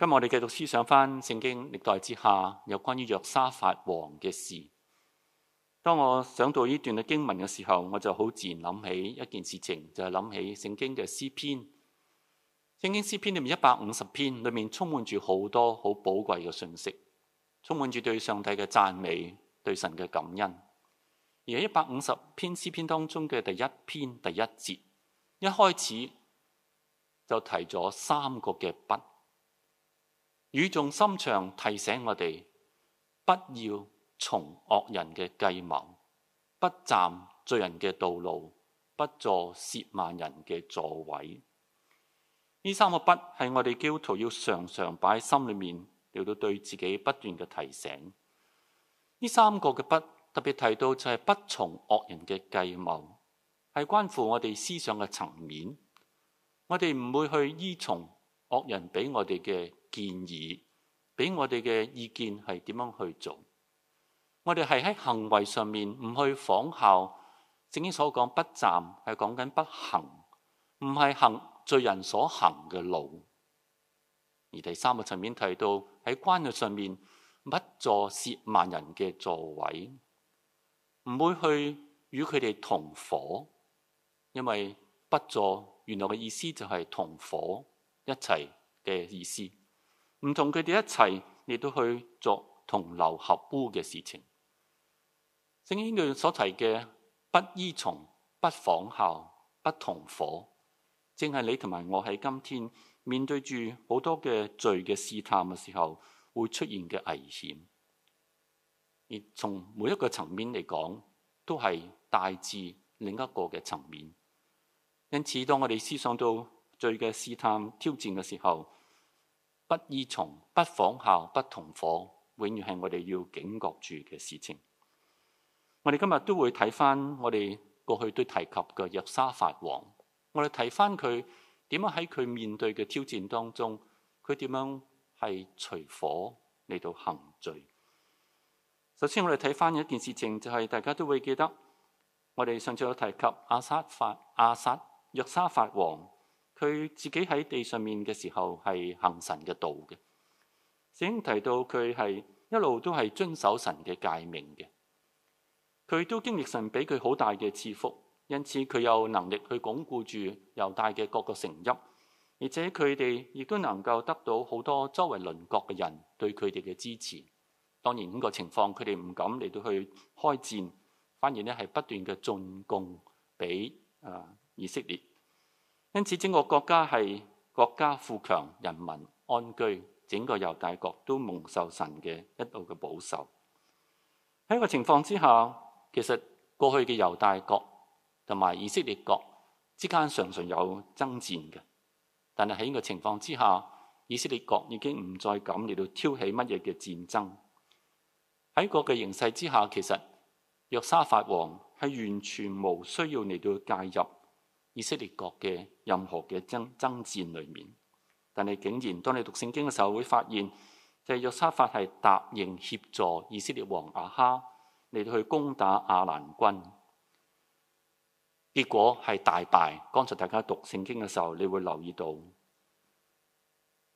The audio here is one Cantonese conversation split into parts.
今日我哋繼續思想翻聖經歷代志下，有關於約沙法王嘅事。當我想到呢段嘅經文嘅時候，我就好自然諗起一件事情，就係、是、諗起聖經嘅詩篇。聖經詩篇裏面一百五十篇，裏面充滿住好多好寶貴嘅信息，充滿住對上帝嘅讚美，對神嘅感恩。而喺一百五十篇詩篇當中嘅第一篇第一節，一開始就提咗三個嘅不。語重心長提醒我哋，不要從惡人嘅計謀，不站罪人嘅道路，不坐涉萬人嘅座位。呢三個不係我哋基督徒要常常擺喺心裏面，做到對自己不斷嘅提醒。呢三個嘅不特別提到就係不從惡人嘅計謀，係關乎我哋思想嘅層面。我哋唔會去依從惡人俾我哋嘅。建議俾我哋嘅意見係點樣去做？我哋係喺行為上面唔去仿效。聖經所講不站係講緊不行，唔係行罪人所行嘅路。而第三個層面提到喺關係上面不坐褻慢人嘅座位，唔會去與佢哋同伙，因為不坐原來嘅意思就係「同伙」一齊嘅意思。唔同佢哋一齊，亦都去做同流合污嘅事情。聖經所提嘅不依從、不仿效、不同火，正係你同埋我喺今天面對住好多嘅罪嘅試探嘅時候會出現嘅危險。而從每一個層面嚟講，都係大致另一個嘅層面。因此，當我哋思想到罪嘅試探、挑戰嘅時候，不依從、不仿效、不同夥，永遠係我哋要警覺住嘅事情。我哋今日都會睇翻，我哋過去都提及嘅約沙法王。我哋睇翻佢點樣喺佢面對嘅挑戰當中，佢點樣係隨火嚟到行罪。首先，我哋睇翻一件事情，就係、是、大家都會記得，我哋上次有提及亞沙法、亞撒、約沙法王。佢自己喺地上面嘅時候係行神嘅道嘅，聖經提到佢係一路都係遵守神嘅誡命嘅。佢都經歷神俾佢好大嘅賜福，因此佢有能力去鞏固住猶大嘅各個城邑，而且佢哋亦都能夠得到好多周圍鄰國嘅人對佢哋嘅支持。當然呢個情況，佢哋唔敢嚟到去開戰，反而呢係不斷嘅進貢俾啊以色列。因此，整個國家係國家富強、人民安居，整個猶大國都蒙受神嘅一路嘅保守。喺個情況之下，其實過去嘅猶大國同埋以色列國之間常常有爭戰嘅。但係喺呢個情況之下，以色列國已經唔再敢嚟到挑起乜嘢嘅戰爭。喺個嘅形勢之下，其實約沙法王係完全冇需要嚟到介入。以色列國嘅任何嘅爭爭戰裏面，但係竟然當你讀聖經嘅時候，會發現就係約沙法係答應協助以色列王亞哈嚟到去攻打亞蘭軍，結果係大敗。剛才大家讀聖經嘅時候，你會留意到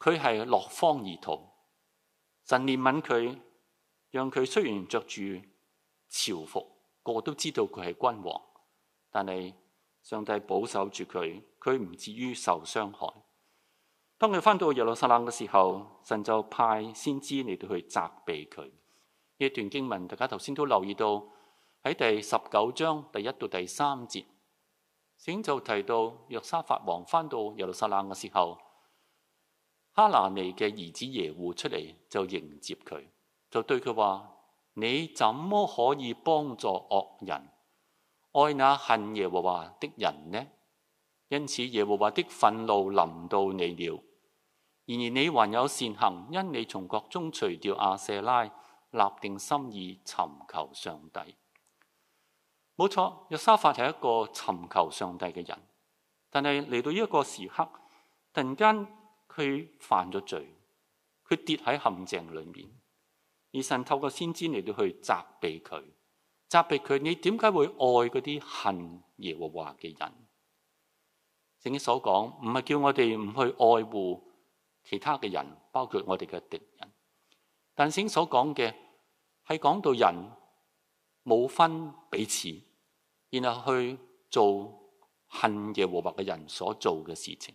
佢係落荒而逃。神憐憫佢，讓佢雖然着住朝服，個個都知道佢係君王，但係。上帝保守住佢，佢唔至於受傷害。當佢翻到耶路撒冷嘅時候，神就派先知嚟到去責備佢。呢一段經文，大家頭先都留意到喺第十九章第一到第三節，先就提到約沙法王翻到耶路撒冷嘅時候，哈拿尼嘅兒子耶戶出嚟就迎接佢，就對佢話：你怎麼可以幫助惡人？愛那恨耶和華的人呢？因此耶和華的憤怒臨到你了。然而你還有善行，因你從國中除掉亞舍拉，立定心意尋求上帝。冇錯，約沙法係一個尋求上帝嘅人，但係嚟到呢一個時刻，突然間佢犯咗罪，佢跌喺陷阱裏面，而神透過先知嚟到去責備佢。責備佢：你點解會愛嗰啲恨耶和華嘅人？聖經所講唔係叫我哋唔去愛護其他嘅人，包括我哋嘅敵人。但聖經所講嘅係講到人冇分彼此，然後去做恨耶和華嘅人所做嘅事情。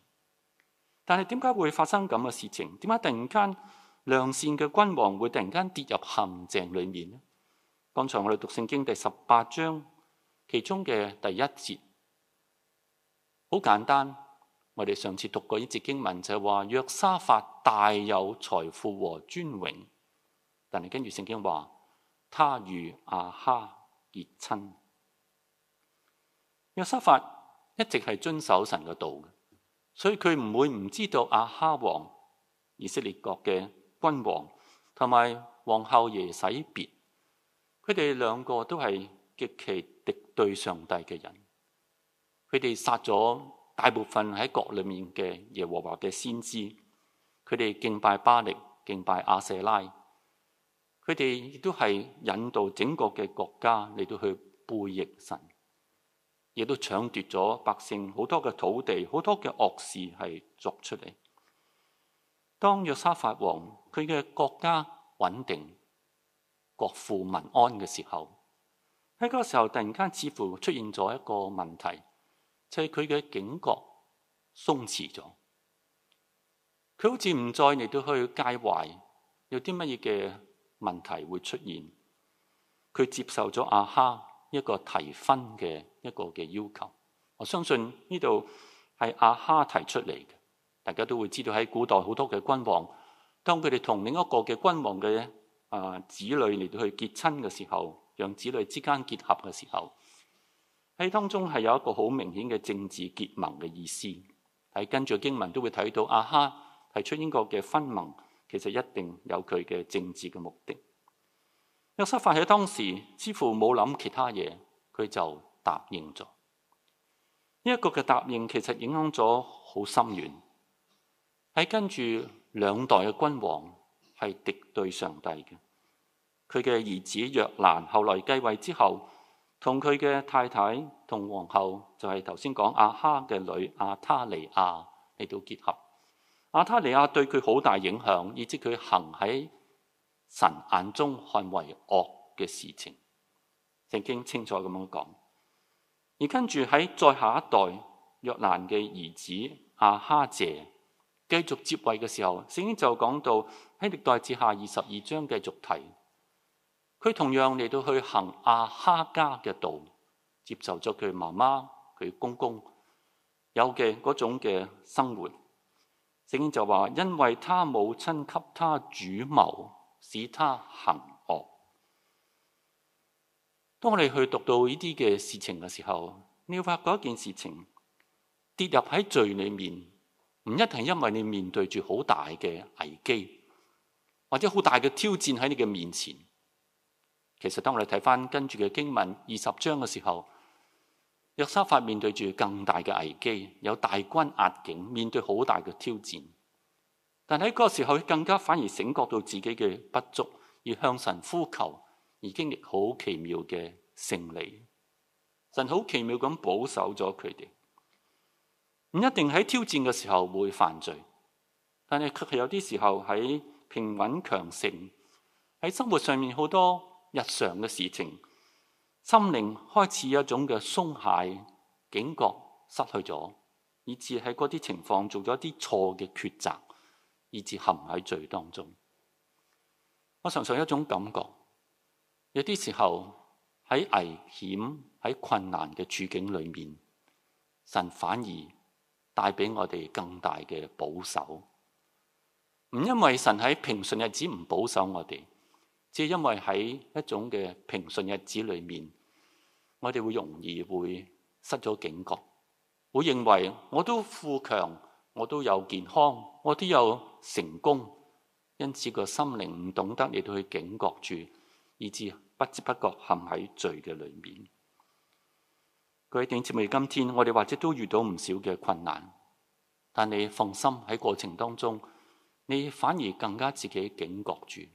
但係點解會發生咁嘅事情？點解突然間良善嘅君王會突然間跌入陷阱裏面咧？剛才我哋讀聖經第十八章，其中嘅第一節好簡單。我哋上次讀過呢節經文就係話：約沙法大有財富和尊榮，但係跟住聖經話，他與阿哈結親。約沙法一直係遵守神嘅道，所以佢唔會唔知道阿哈王以色列國嘅君王同埋皇后耶洗別。佢哋兩個都係極其敵對上帝嘅人，佢哋殺咗大部分喺國裏面嘅耶和華嘅先知，佢哋敬拜巴力、敬拜亞舍拉，佢哋亦都係引導整個嘅國家嚟到去背逆神，亦都搶奪咗百姓好多嘅土地，好多嘅惡事係作出嚟。當約沙法王，佢嘅國家穩定。國富民安嘅時候，喺嗰個時候突然間似乎出現咗一個問題，就係佢嘅警覺鬆弛咗，佢好似唔再嚟到去介懷有啲乜嘢嘅問題會出現。佢接受咗阿哈一個提婚嘅一個嘅要求，我相信呢度係阿哈提出嚟嘅，大家都會知道喺古代好多嘅君王，當佢哋同另一個嘅君王嘅。啊！子女嚟到去結親嘅時候，讓子女之間結合嘅時候，喺當中係有一個好明顯嘅政治結盟嘅意思。喺跟住經文都會睇到，亞哈提出英國嘅婚盟，其實一定有佢嘅政治嘅目的。約沙法喺當時，似乎冇諗其他嘢，佢就答應咗。呢一個嘅答應，其實影響咗好深遠。喺跟住兩代嘅君王。係敵對上帝嘅。佢嘅兒子約蘭後來繼位之後，同佢嘅太太，同皇后就係頭先講亞哈嘅女亞他利雅嚟到結合。亞他利雅對佢好大影響，以致佢行喺神眼中看為惡嘅事情。聖經清楚咁樣講，而跟住喺再下一代約蘭嘅兒子亞哈謝，繼續接位嘅時候，聖經就講到喺歷代志下二十二章繼續提，佢同樣嚟到去行亞哈家嘅道，接受咗佢媽媽、佢公公有嘅嗰種嘅生活。聖經就話，因為他母親給他主謀，使他行惡。當我哋去讀到呢啲嘅事情嘅時候，你要發覺一件事情，跌入喺罪裏面。唔一定因為你面對住好大嘅危機，或者好大嘅挑戰喺你嘅面前。其實當我哋睇翻跟住嘅經文二十章嘅時候，約沙法面對住更大嘅危機，有大軍壓境，面對好大嘅挑戰。但喺嗰個時候，佢更加反而醒覺到自己嘅不足，而向神呼求，而經歷好奇妙嘅勝利。神好奇妙咁保守咗佢哋。唔一定喺挑戰嘅時候會犯罪，但係佢係有啲時候喺平穩強盛，喺生活上面好多日常嘅事情，心靈開始有一種嘅鬆懈，警覺失去咗，以致喺嗰啲情況做咗一啲錯嘅抉擇，以致陷喺罪當中。我常常有一種感覺，有啲時候喺危險喺困難嘅處境裏面，神反而帶俾我哋更大嘅保守，唔因為神喺平順日子唔保守我哋，只係因為喺一種嘅平順日子裏面，我哋會容易會失咗警覺，會認為我都富強，我都有健康，我都有成功，因此個心靈唔懂得嚟到去警覺住，以至不知不覺陷喺罪嘅裏面。佢迎接我哋。今天我哋或者都遇到唔少嘅困難，但你放心喺過程當中，你反而更加自己警覺住，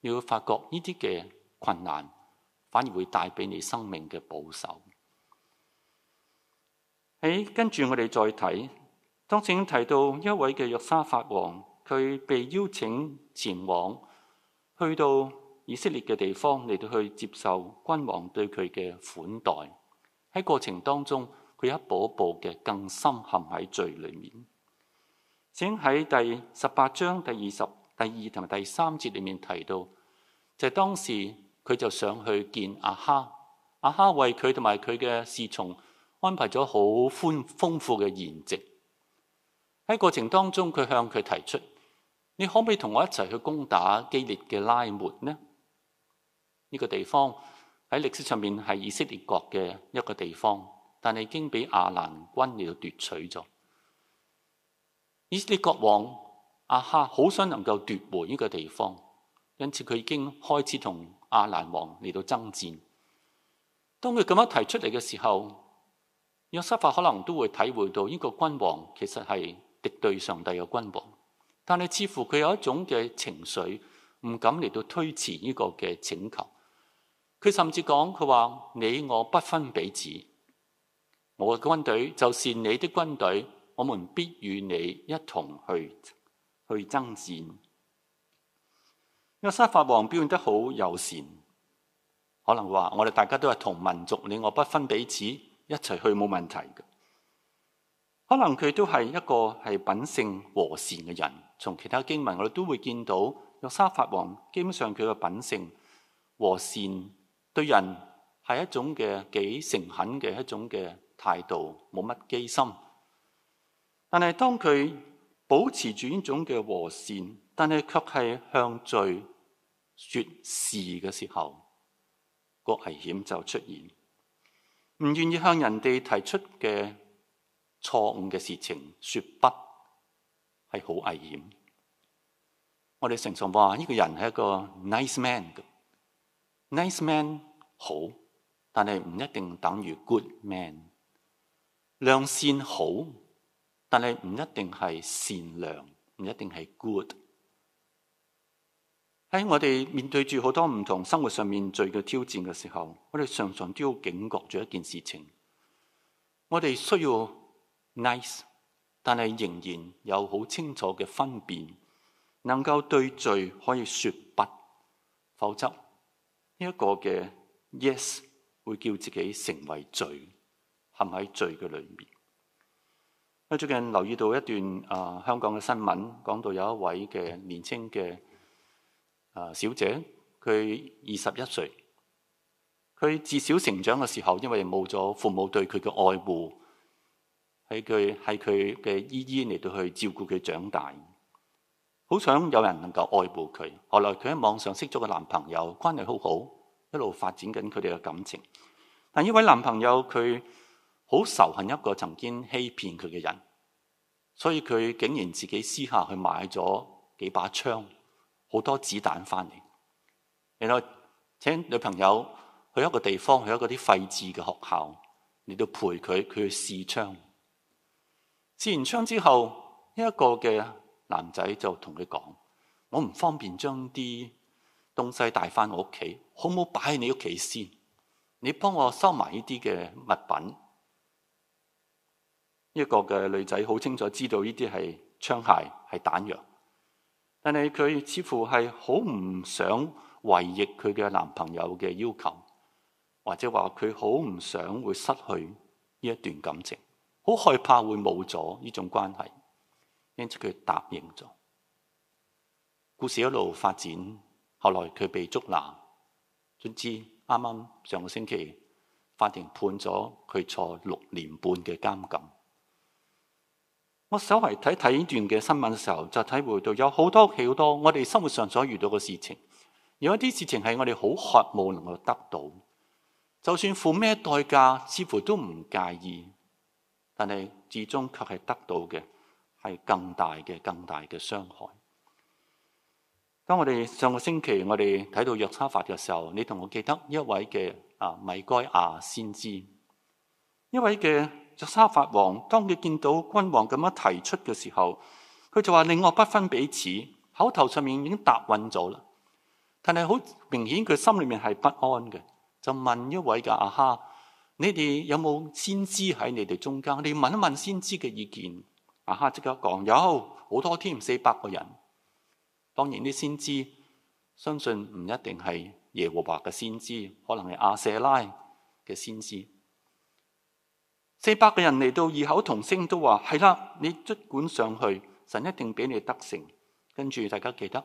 你會發覺呢啲嘅困難反而會帶俾你生命嘅保守。喺跟住我哋再睇，當時已經提到一位嘅約沙法王，佢被邀請前往去到以色列嘅地方嚟到去接受君王對佢嘅款待。喺過程當中，佢一步一步嘅更深陷喺罪裏面。先喺第十八章第二十第二同埋第三節裏面提到，就係、是、當時佢就想去見阿哈。阿哈為佢同埋佢嘅侍從安排咗好寬豐富嘅筵席。喺過程當中，佢向佢提出：你可唔可以同我一齊去攻打基列嘅拉末呢？呢、這個地方。喺歷史上面係以色列國嘅一個地方，但係已經俾亞蘭軍嚟到奪取咗。以色列國王亞哈好想能夠奪回呢個地方，因此佢已經開始同亞蘭王嚟到爭戰。當佢咁樣提出嚟嘅時候，約沙法可能都會體會到呢個君王其實係敵對上帝嘅君王，但係似乎佢有一種嘅情緒唔敢嚟到推辭呢個嘅請求。佢甚至講佢話，你我不分彼此，我嘅軍隊就是你的軍隊，我們必與你一同去去爭戰。約沙法王表現得好友善，可能話，我哋大家都係同民族，你我不分彼此，一齊去冇問題嘅。可能佢都係一個係品性和善嘅人。從其他經文我哋都會見到約沙法王，基本上佢嘅品性和善。對人係一種嘅幾誠懇嘅一種嘅態度，冇乜機心。但係當佢保持住呢種嘅和善，但係卻係向罪説事嘅時候，個危險就出現。唔願意向人哋提出嘅錯誤嘅事情，説不，係好危險。我哋常常話呢個人係一個 nice man，nice man。好，但係唔一定等於 good man。良善好，但係唔一定係善良，唔一定係 good。喺我哋面對住好多唔同生活上面罪嘅挑戰嘅時候，我哋常常都要警覺住一件事情：我哋需要 nice，但係仍然有好清楚嘅分辨，能夠對罪可以說不。否則呢一個嘅。Yes, 會叫自己成為罪，陷喺罪嘅裏面。最近留意到一段啊、呃、香港嘅新聞，講到有一位嘅年輕嘅、呃、小姐，佢二十一歲。佢自小成長嘅時候，因為冇咗父母對佢嘅愛護，喺佢喺佢嘅姨姨嚟到去照顧佢長大。好想有人能夠愛護佢，後來佢喺網上識咗個男朋友，關係好好。一路發展緊佢哋嘅感情，但呢位男朋友佢好仇恨一個曾經欺騙佢嘅人，所以佢竟然自己私下去買咗幾把槍，好多子彈返嚟，然後請女朋友去一個地方，去一個啲廢置嘅學校嚟到陪佢，佢去試槍。試完槍之後，呢一個嘅男仔就同佢講：「我唔方便將啲東西帶返我屋企，好唔好擺喺你屋企先？你幫我收埋呢啲嘅物品。一個嘅女仔好清楚知道呢啲係槍械、係彈藥，但係佢似乎係好唔想違逆佢嘅男朋友嘅要求，或者話佢好唔想會失去呢一段感情，好害怕會冇咗呢種關係，因此佢答應咗。故事一路發展。後來佢被捉拿，總之啱啱上個星期，法庭判咗佢坐六年半嘅監禁。我稍為睇睇呢段嘅新聞嘅時候，就體會到有好多好多我哋生活上所遇到嘅事情，有一啲事情係我哋好渴望能夠得到，就算付咩代價，似乎都唔介意，但係至終卻係得到嘅係更大嘅，更大嘅傷害。當我哋上個星期我哋睇到約沙法嘅時候，你同我記得一位嘅啊米該亞先知，一位嘅約沙法王，當佢見到君王咁樣提出嘅時候，佢就話令我不分彼此，口頭上面已經答應咗啦，但係好明顯佢心裏面係不安嘅，就問一位嘅阿哈，你哋有冇先知喺你哋中間？你問一問先知嘅意見。阿哈即刻講有好多添，四百個人。當然啲先知相信唔一定係耶和華嘅先知，可能係亞舍拉嘅先知。四百個人嚟到，異口同聲都話：係啦， 你盡管上去，神一定俾你得勝。跟住大家記得，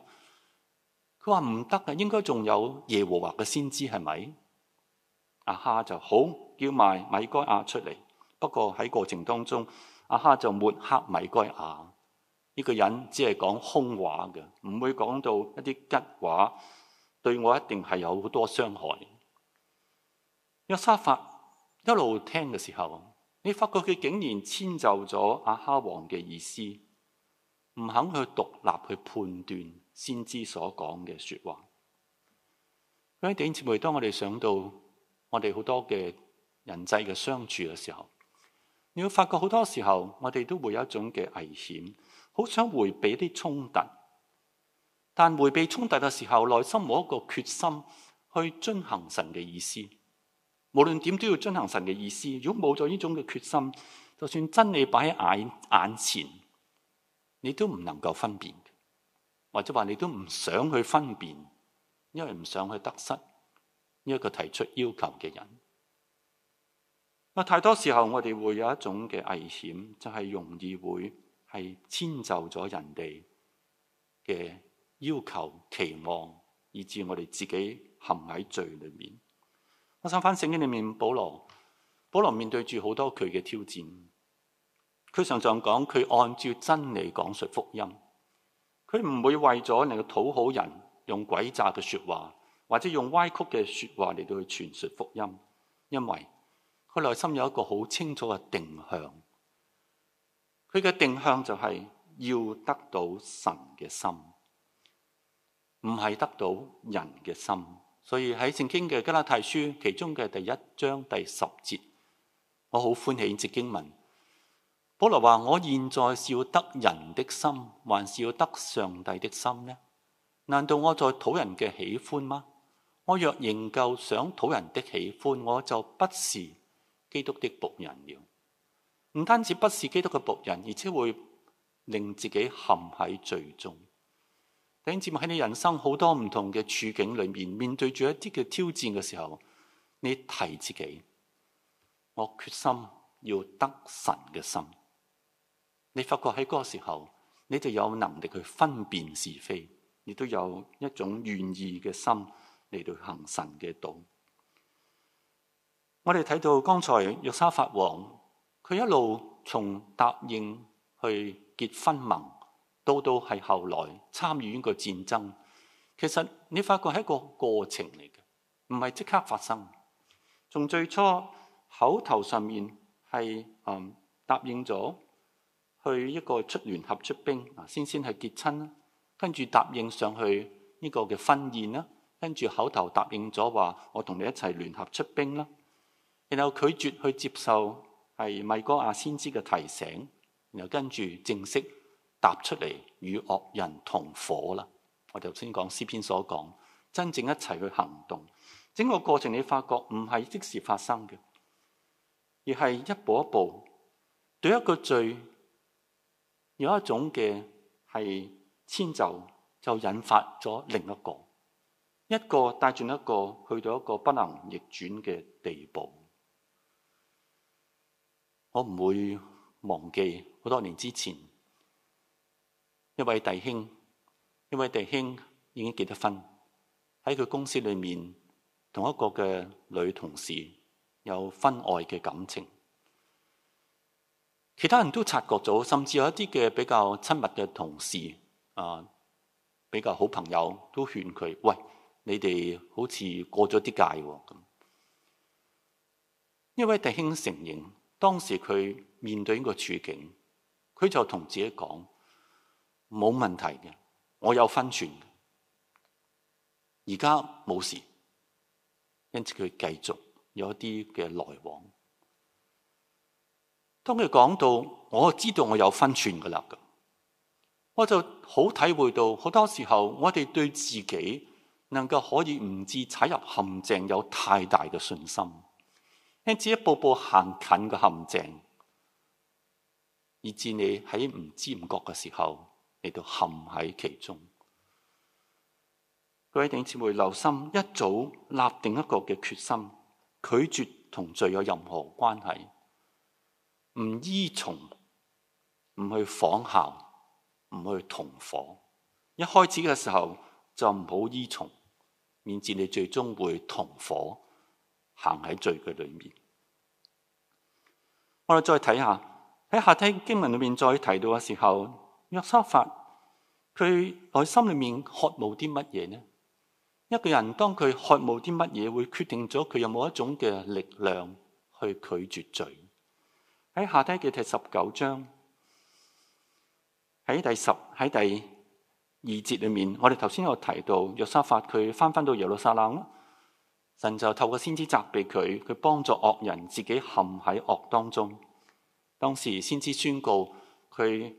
佢話唔得嘅，應該仲有耶和華嘅先知係咪？亞哈就好叫埋米該亞出嚟，不過喺過程當中，亞哈就抹黑米該亞。呢個人只係講空話嘅，唔會講到一啲吉話，對我一定係有好多傷害。約沙法一路聽嘅時候，你發覺佢竟然遷就咗亞哈王嘅意思，唔肯去獨立去判斷先知所講嘅説話。咁喺點接會？當我哋想到我哋好多嘅人際嘅相處嘅時候。你會發覺好多時候，我哋都會有一種嘅危險，好想回避啲衝突。但回避衝突嘅時候，內心冇一個決心去遵行神嘅意思，無論點都要遵行神嘅意思。如果冇咗呢種嘅決心，就算真理擺喺眼眼前，你都唔能夠分辨，或者話你都唔想去分辨，因為唔想去得失呢一個提出要求嘅人。啊！太多時候我哋會有一種嘅危險，就係容易會係遷就咗人哋嘅要求、期望，以致我哋自己陷喺罪裏面。我想翻聖經裏面保羅，保羅面對住好多佢嘅挑戰，佢常常講佢按照真理講述福音，佢唔會為咗令到討好人，用詭詐嘅說話，或者用歪曲嘅說話嚟到去傳述福音，因為。佢內心有一個好清楚嘅定向，佢嘅定向就係要得到神嘅心，唔係得到人嘅心。所以喺聖經嘅《加拉太書》其中嘅第一章第十節，我好歡喜呢節經文。保羅話：我現在是要得人的心，還是要得上帝的心呢？難道我在討人嘅喜歡嗎？我若仍舊想討人的喜歡，我就不是。基督的僕人了，唔單止不是基督嘅僕人，而且會令自己陷喺罪中。等住喺你人生好多唔同嘅處境裏面，面對住一啲嘅挑戰嘅時候，你提自己，我決心要得神嘅心。你發覺喺嗰個時候，你就有能力去分辨是非，亦都有一種願意嘅心嚟到行神嘅道。我哋睇到剛才約沙法王，佢一路從答應去結婚盟，到到係後來參與呢個戰爭。其實你發覺係一個過程嚟嘅，唔係即刻發生。從最初口頭上面係嗯答應咗去一個出聯合出兵啊，先先係結親啦，跟住答應上去呢個嘅婚宴啦，跟住口頭答應咗話我同你一齊聯合出兵啦。然後拒絕去接受係米個阿先知嘅提醒，然後跟住正式踏出嚟與惡人同夥啦。我頭先講詩篇所講，真正一齊去行動整個過程，你發覺唔係即時發生嘅，而係一步一步對一個罪有一種嘅係遷就，就引發咗另一個一個帶住一個去到一個不能逆轉嘅地步。我唔會忘記好多年之前，一位弟兄，一位弟兄已經結咗婚。喺佢公司裏面同一個嘅女同事有婚外嘅感情。其他人都察覺咗，甚至有一啲嘅比較親密嘅同事啊，比較好朋友都勸佢：喂，你哋好似過咗啲界。咁一位弟兄承認。當時佢面對呢個處境，佢就同自己講：冇問題嘅，我有分寸嘅。而家冇事，因此佢繼續有一啲嘅來往。當佢講到我知道我有分寸嘅啦，我就好體會到好多時候我哋對自己能夠可以唔至踩入陷阱有太大嘅信心。甚至一,一步步行近個陷阱，以至你喺唔知唔覺嘅時候，你都陷喺其中。各位弟兄姊妹，留心一早立定一個嘅決心，拒絕同罪有任何關係，唔依從，唔去仿效，唔去同伙。一開始嘅時候就唔好依從，免至你最終會同伙。行喺罪嘅裏面，我哋再睇下喺下梯經文裏面再提到嘅時候，約沙法佢內心裏面渴慕啲乜嘢呢？一個人當佢渴慕啲乜嘢，會決定咗佢有冇一種嘅力量去拒絕罪。喺下低嘅第十九章，喺第十喺第二節裏面，我哋頭先有提到約沙法佢翻翻到耶路撒冷神就透過先知責備佢，佢幫助惡人，自己陷喺惡當中。當時先知宣告，佢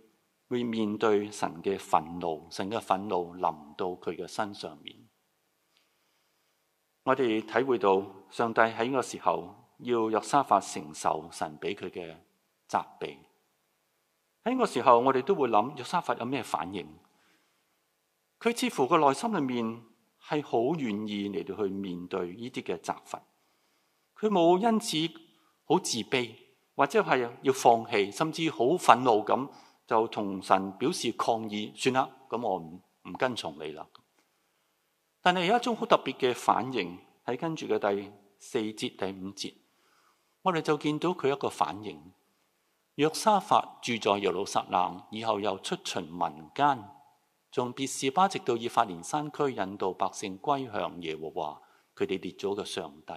會面對神嘅憤怒，神嘅憤怒臨到佢嘅身上面。我哋體會到上帝喺呢個時候要約沙法承受神俾佢嘅責備。喺呢個時候，我哋都會諗約沙法有咩反應？佢似乎個內心裏面，係好願意嚟到去面對呢啲嘅責罰，佢冇因此好自卑，或者係要放棄，甚至好憤怒咁就同神表示抗議，算啦，咁我唔唔跟從你啦，但係有一種好特別嘅反應，喺跟住嘅第四節第五節，我哋就見到佢一個反應，約沙法住在耶路撒冷，以後又出巡民間，從別是巴直到以法蓮山區，引導百姓歸向耶和華，佢哋列祖嘅上帝。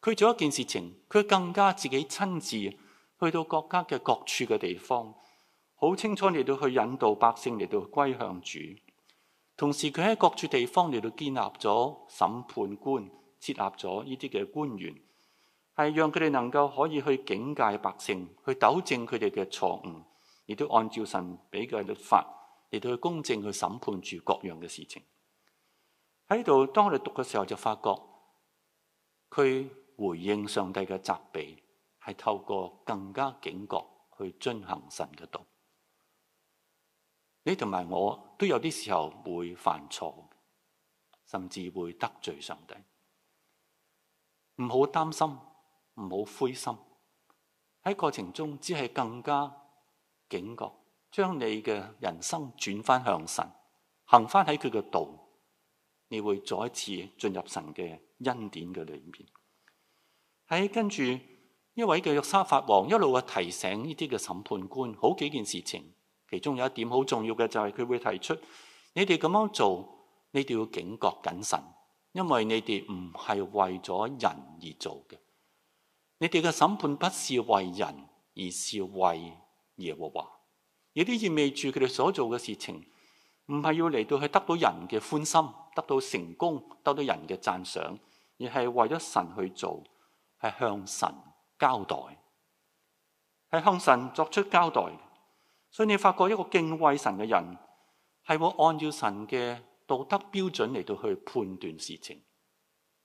佢做一件事情，佢更加自己親自去到國家嘅各處嘅地方，好清楚嚟到去引導百姓嚟到歸向主。同時佢喺各處地方嚟到建立咗審判官，設立咗呢啲嘅官員，係讓佢哋能夠可以去警戒百姓，去糾正佢哋嘅錯誤，亦都按照神俾嘅律法。嚟到去公正去審判住各樣嘅事情，喺度當我哋讀嘅時候就發覺，佢回應上帝嘅責備係透過更加警覺去遵行神嘅道。你同埋我都有啲時候會犯錯，甚至會得罪上帝。唔好擔心，唔好灰心。喺過程中，只係更加警覺。將你嘅人生轉翻向神，行翻喺佢嘅道，你會再一次進入神嘅恩典嘅裏面。喺跟住一位嘅約沙法王一路嘅提醒呢啲嘅審判官好幾件事情，其中有一點好重要嘅就係佢會提出你哋咁樣做，你哋要警覺謹慎，因為你哋唔係為咗人而做嘅，你哋嘅審判不是為人，而是為耶和華。亦都意味住佢哋所做嘅事情，唔係要嚟到去得到人嘅歡心，得到成功，得到人嘅讚賞，而係為咗神去做，係向神交代，係向神作出交代。所以你發覺一個敬畏神嘅人，係會按照神嘅道德標準嚟到去判斷事情，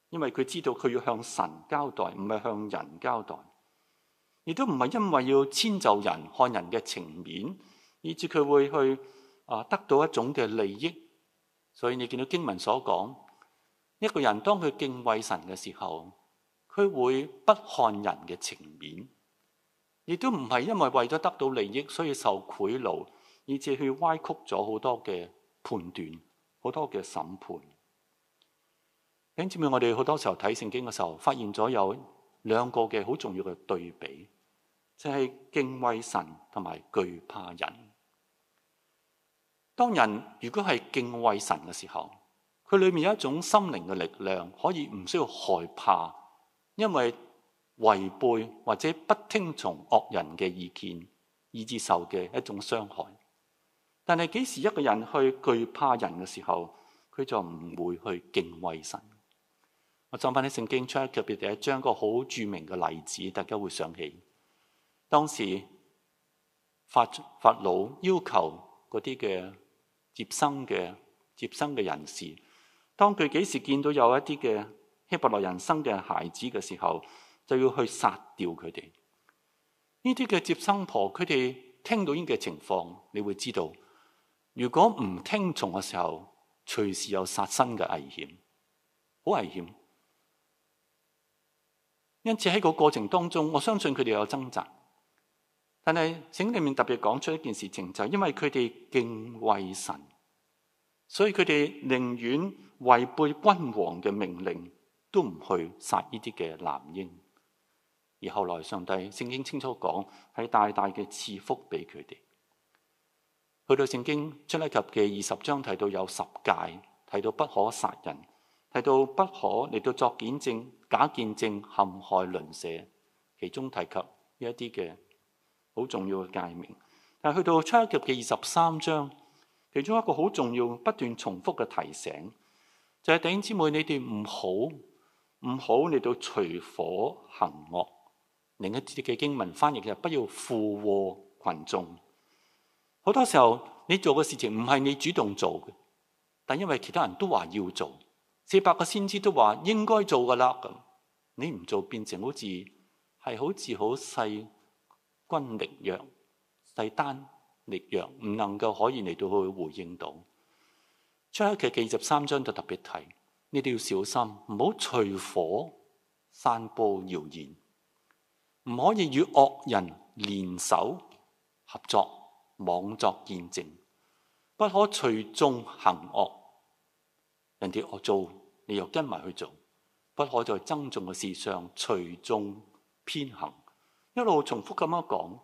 因為佢知道佢要向神交代，唔係向人交代，亦都唔係因為要遷就人，看人嘅情面。以至佢會去啊，得到一種嘅利益，所以你見到經文所講，一個人當佢敬畏神嘅時候，佢會不看人嘅情面，亦都唔係因為為咗得到利益，所以受賄賂，以至去歪曲咗好多嘅判斷，好多嘅審判。咁正面，我哋好多時候睇聖經嘅時候，發現咗有兩個嘅好重要嘅對比，即係敬畏神同埋懼怕人。當人如果係敬畏神嘅時候，佢裏面有一種心靈嘅力量，可以唔需要害怕，因為違背或者不聽從惡人嘅意見，以致受嘅一種傷害。但係幾時一個人去懼怕人嘅時候，佢就唔會去敬畏神。我就翻喺聖經出，特別第一章個好著名嘅例子，大家會想起，當時法法老要求嗰啲嘅接生嘅接生嘅人士，當佢幾時見到有一啲嘅希伯來人生嘅孩子嘅時候，就要去殺掉佢哋。呢啲嘅接生婆，佢哋聽到呢嘅情況，你會知道，如果唔聽從嘅時候，隨時有殺身嘅危險，好危險。因此喺個過程當中，我相信佢哋有掙扎。但係聖經裏面特別講出一件事情，就係因為佢哋敬畏神，所以佢哋寧願違背君王嘅命令，都唔去殺呢啲嘅男嬰。而後來上帝聖經清楚講係大大嘅賜福俾佢哋。去到聖經出埃及記二十章，提到有十戒，提到不可殺人，提到不可嚟到作見證、假見證、陷害鄰舍，其中提及呢一啲嘅。好重要嘅誡命，但係去到出埃及記嘅二十三章，其中一個好重要、不斷重複嘅提醒，就係、是、弟兄姊妹，你哋唔好唔好，嚟到隨夥行惡。另一啲嘅經文翻譯就係不要附和群眾。好多時候你做嘅事情唔係你主動做嘅，但因為其他人都話要做，四百個先知都話應該做㗎喇。咁你唔做，變成好似係好似好細。君力弱，勢單力弱，唔能夠可以嚟到去回應到。出埃及記二十三章就特別提，你哋要小心，唔好隨火散播謠言，唔可以與惡人聯手合作，妄作見證，不可隨眾行惡。人哋惡做，你又跟埋去做，不可在爭訟嘅事上隨眾偏行。一路重複咁樣講，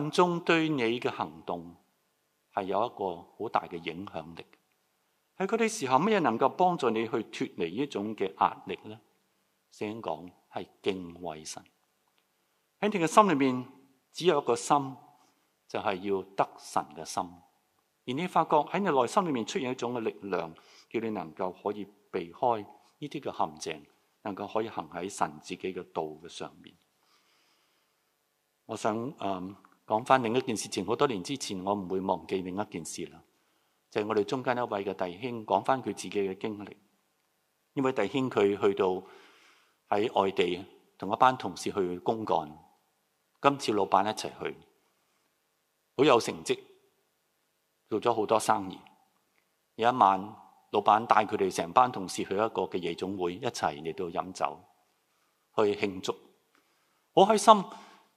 群眾對你嘅行動係有一個好大嘅影響力。喺嗰啲時候，乜嘢能夠幫助你去脫離呢種嘅壓力咧？先講係敬畏神。喺你嘅心裏面，只有一個心就係要得神嘅心。而你發覺喺你內心裏面出現一種嘅力量，叫你能夠可以避開呢啲嘅陷阱，能夠可以行喺神自己嘅道嘅上面。我想嗯講，返另一件事情，好多年之前我唔會忘記另一件事啦，就係我哋中間一位嘅弟兄講返佢自己嘅經歷。呢位弟兄佢去到喺外地，同一班同事去公幹，今次老闆一齊去，好有成績，做咗好多生意。有一晚，老闆帶佢哋成班同事去一個嘅夜總會，一齊嚟到飲酒，去慶祝，好開心。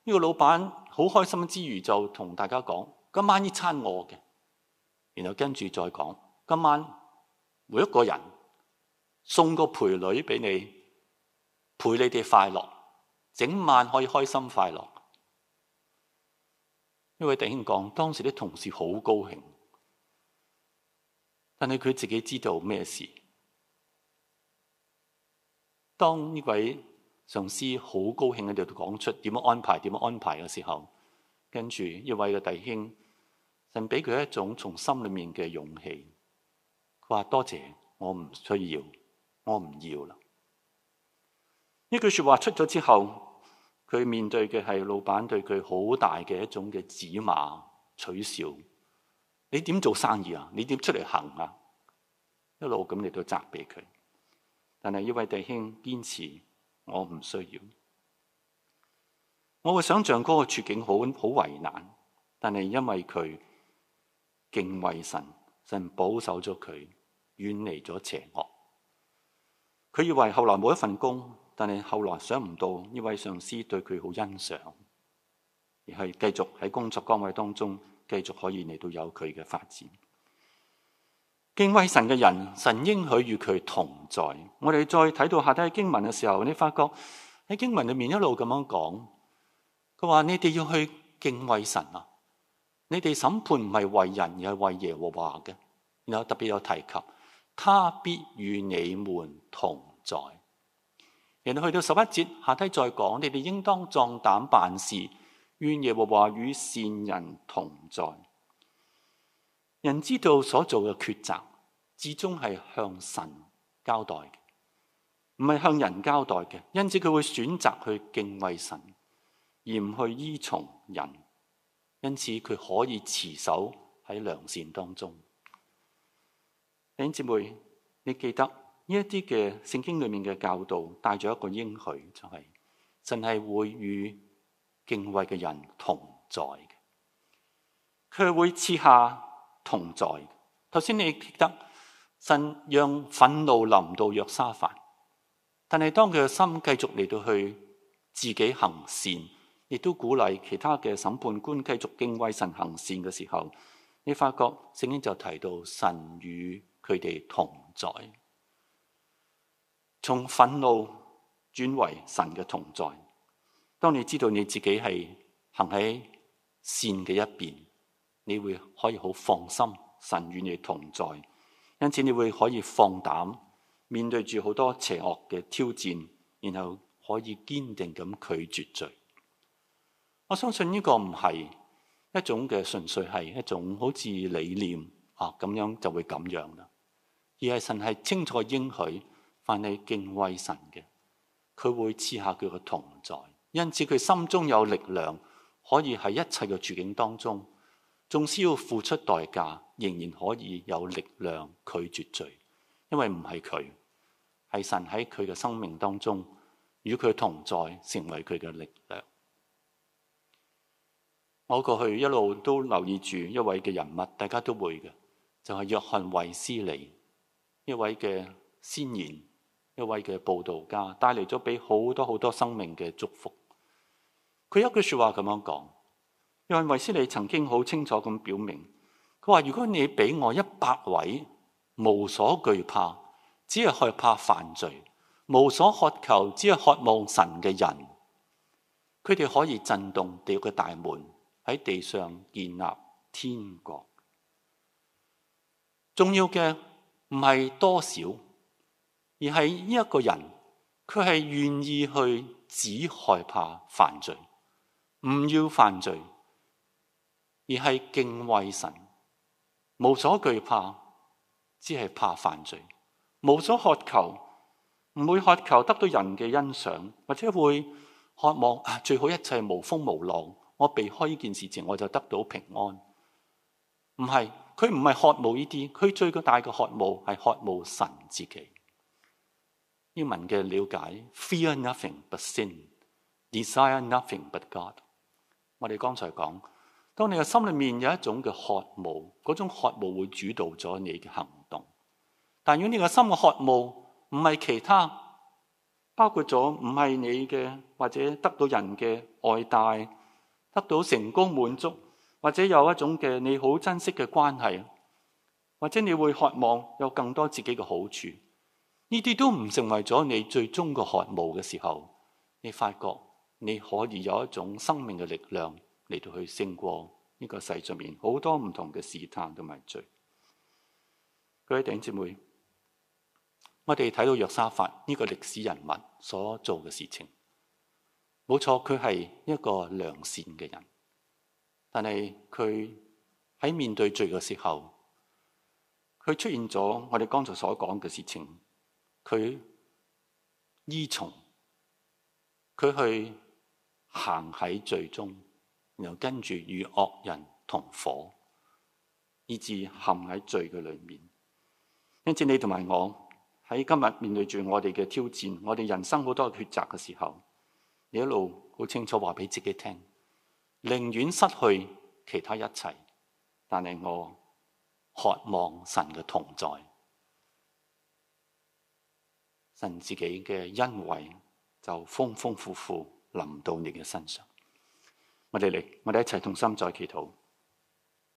呢個老闆好開心之餘，就同大家講：今晚一餐我嘅。然後跟住再講，今晚每一個人送個陪女俾你，陪你哋快樂，整晚可以開心快樂。呢位弟兄講，當時啲同事好高興，但係佢自己知道咩事。當呢位上司好高興喺度講出點樣安排，點樣安排嘅時候，跟住呢位嘅弟兄，神俾佢一種從心裏面嘅勇氣。佢話多謝，我唔需要，我唔要啦。呢句說話出咗之後，佢面對嘅係老闆對佢好大嘅一種嘅指罵取笑。你點做生意啊？你點出嚟行啊？一路咁嚟到責備佢，但係呢位弟兄堅持。我唔需要，我會想象嗰個處境好好為難，但係因為佢敬畏神，神保守咗佢，遠離咗邪惡。佢以為後來冇一份工，但係後來想唔到呢位上司對佢好欣賞，而係繼續喺工作崗位當中，繼續可以嚟到有佢嘅發展。敬畏神嘅人，神應許與佢同在。我哋再睇到下低嘅經文嘅時候，你發覺喺經文裏面一路咁樣講，佢話你哋要去敬畏神啊！你哋審判唔係為人，而係為耶和華嘅。然後特別有提及，他必與你們同在。然後去到十一節下低再講，你哋應當壯膽辦事，願耶和華與善人同在。人知道所做嘅抉擇，始終係向神交代嘅，唔係向人交代嘅。因此佢會選擇去敬畏神，而唔去依從人。因此佢可以持守喺良善當中。弟兄姊妹，你記得呢一啲嘅聖經裏面嘅教導，帶咗一個應許，就係神係會與敬畏嘅人同在嘅。佢會賜下。同在。頭先你記得神讓憤怒臨到約沙法，但係當佢嘅心繼續嚟到去自己行善，亦都鼓勵其他嘅審判官繼續敬畏神行善嘅時候，你發覺聖經就提到神與佢哋同在，從憤怒轉為神嘅同在。當你知道你自己係行喺善嘅一邊。你會可以好放心，神與你同在，因此你會可以放膽面對住好多邪惡嘅挑戰，然後可以堅定咁拒絕罪。我相信呢個唔係一種嘅純粹係一種好似理念啊咁樣就會咁樣啦，而係神係清楚應許，凡你敬畏神嘅，佢會賜下佢嘅同在，因此佢心中有力量，可以喺一切嘅處境當中。仲需要付出代價，仍然可以有力量拒絕罪，因為唔係佢，係神喺佢嘅生命當中與佢同在，成為佢嘅力量。我過去一路都留意住一位嘅人物，大家都會嘅，就係約翰衛斯理，一位嘅先賢，一位嘅布道家，帶嚟咗俾好多好多生命嘅祝福。佢一句說話咁樣講。因為維斯利曾經好清楚咁表明，佢話：如果你俾我一百位無所懼怕，只係害怕犯罪，無所渴求，只係渴望神嘅人，佢哋可以震動地獄嘅大門，喺地上建立天國。重要嘅唔係多少，而係呢一個人佢係願意去，只害怕犯罪，唔要犯罪。而係敬畏神，無所懼怕，只係怕犯罪；無所渴求，唔會渴求得到人嘅欣賞，或者會渴望、啊、最好一切無風無浪。我避開呢件事情，我就得到平安。唔係佢唔係渴慕呢啲，佢最大嘅渴慕係渴慕神自己。英文嘅了解：Fear nothing but sin, desire nothing but God。我哋剛才講。當你嘅心裏面有一種嘅渴慕，嗰種渴慕會主導咗你嘅行動。但如果你嘅心嘅渴慕唔係其他，包括咗唔係你嘅或者得到人嘅愛戴，得到成功滿足，或者有一種嘅你好珍惜嘅關係，或者你會渴望有更多自己嘅好處，呢啲都唔成為咗你最終嘅渴慕嘅時候，你發覺你可以有一種生命嘅力量。嚟到去勝過呢個世上面好多唔同嘅試探同埋罪，各位弟兄姐妹，我哋睇到約沙法呢個歷史人物所做嘅事情，冇錯，佢係一個良善嘅人，但係佢喺面對罪嘅時候，佢出現咗我哋剛才所講嘅事情，佢依從佢去行喺罪中。然後跟住與惡人同伙，以致陷喺罪嘅裏面。因此，你同埋我喺今日面對住我哋嘅挑戰，我哋人生好多嘅抉擇嘅時候，你一路好清楚話俾自己聽：寧願失去其他一切，但係我渴望神嘅同在，神自己嘅恩惠就豐豐富富臨到你嘅身上。我哋嚟，我哋一齊同心再祈禱。